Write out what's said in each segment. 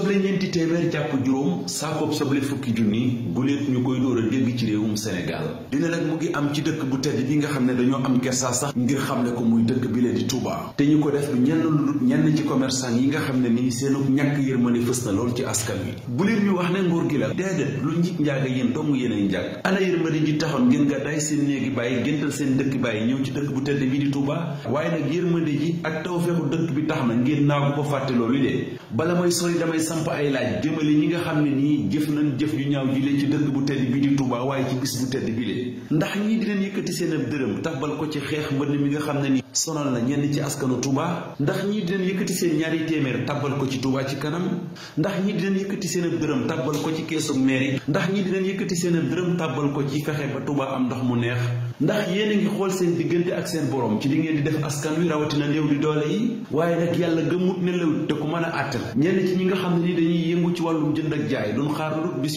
soble ñeenti téeméer jàpp juróom saakoob soble fukki junni guléet ñu koy dóor ci réewum Sénégal dina nag mu ngi am ci dëkk bu tedd bi nga xam ne dañoo am kersa sax ngir xam ne ko muy dëkk bi leen di Touba te ñu ko def lu ñenn lu dul yi nga xam ne nii seenu ñàkk yërmande fës na lool ci askan wi bu leen ñu wax ne nguur gi la déedéet lu njig njaaga yéen dong yéenay njàgg ana yërmande ji taxoon ngeen nga day seen néegi bàyyi géntal seen dëkk bàyyi ñëw ci dëkk bu tedd bi di Touba waaye nag yërmande ji ak taw feexu dëkk bi tax na ngeen naagu ba fàtte loolu de bala may sori damay samp ay laaj jëmale ñi nga xam ne nii jëf nañ jëf yu ñaaw ji leen ci dëkk bu bi di Touba taxawaay ci bis bu tedd bile ndax ñii di leen yëkkati seen ab dërëm tabal ko ci xeex mbënn mi nga xam ne ni sonal na ñenn ci askanu Touba ndax ñii di leen yëkkati seen ñaari téeméer tabal ko ci Touba ci kanam ndax ñii di yëkkati seen ab dërëm tabal ko ci keesu mairie ndax ñi di leen yëkkati seen ab dërëm tabal ko ci fexe ba Touba am ndox mu neex ndax yéen a ngi xool seen diggante ak seen borom ci li ngeen di def askan wi rawatina néew di doole yi waaye nag yàlla gëmmut ne lewut te ku mën a àttal ñenn ci nga xam ne dañuy yëngu ci wàllum jënd ak jaay duñ xaar lu bis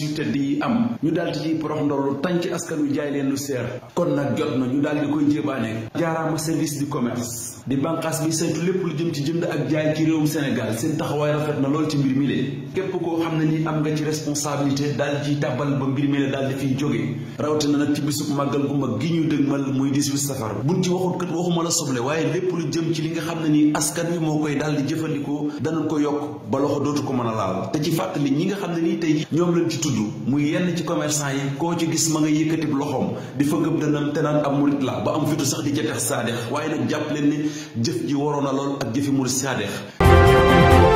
lu tànc askan wi jaay leen lu seer kon nag jot na ñu daal di koy jébaane jaaraama service du commerce di bànqaas bi saytu lépp lu jëm ci jënd ak jaay ci réewum Sénégal seen taxawaay rafet na lool ci mbir mi lee képp koo xam ne ni am nga ci responsabilité daal ci tàbbal ba mbir mi la daal di fiy jóge rawatina nag ci bisub màggal gu mag gi ñu dëgmal muy 18 safar buñ ci waxut kat waxuma la soble waaye lépp lu jëm ci li nga xam ne ni askan wi moo koy daal di jëfandikoo danañ ko yokk ba loxo dootu ko mën a laal te ci fàttali ñi xam ne nii tey ñoom lañ ci ci commerçant gis ma nga yëkkati loxoom di fa gëm danam te naan am murit la ba am fitu sax di jateex saadeex waaye nag jàpp leen ni jëf ji waroon na lool ak jëfi murit saadeex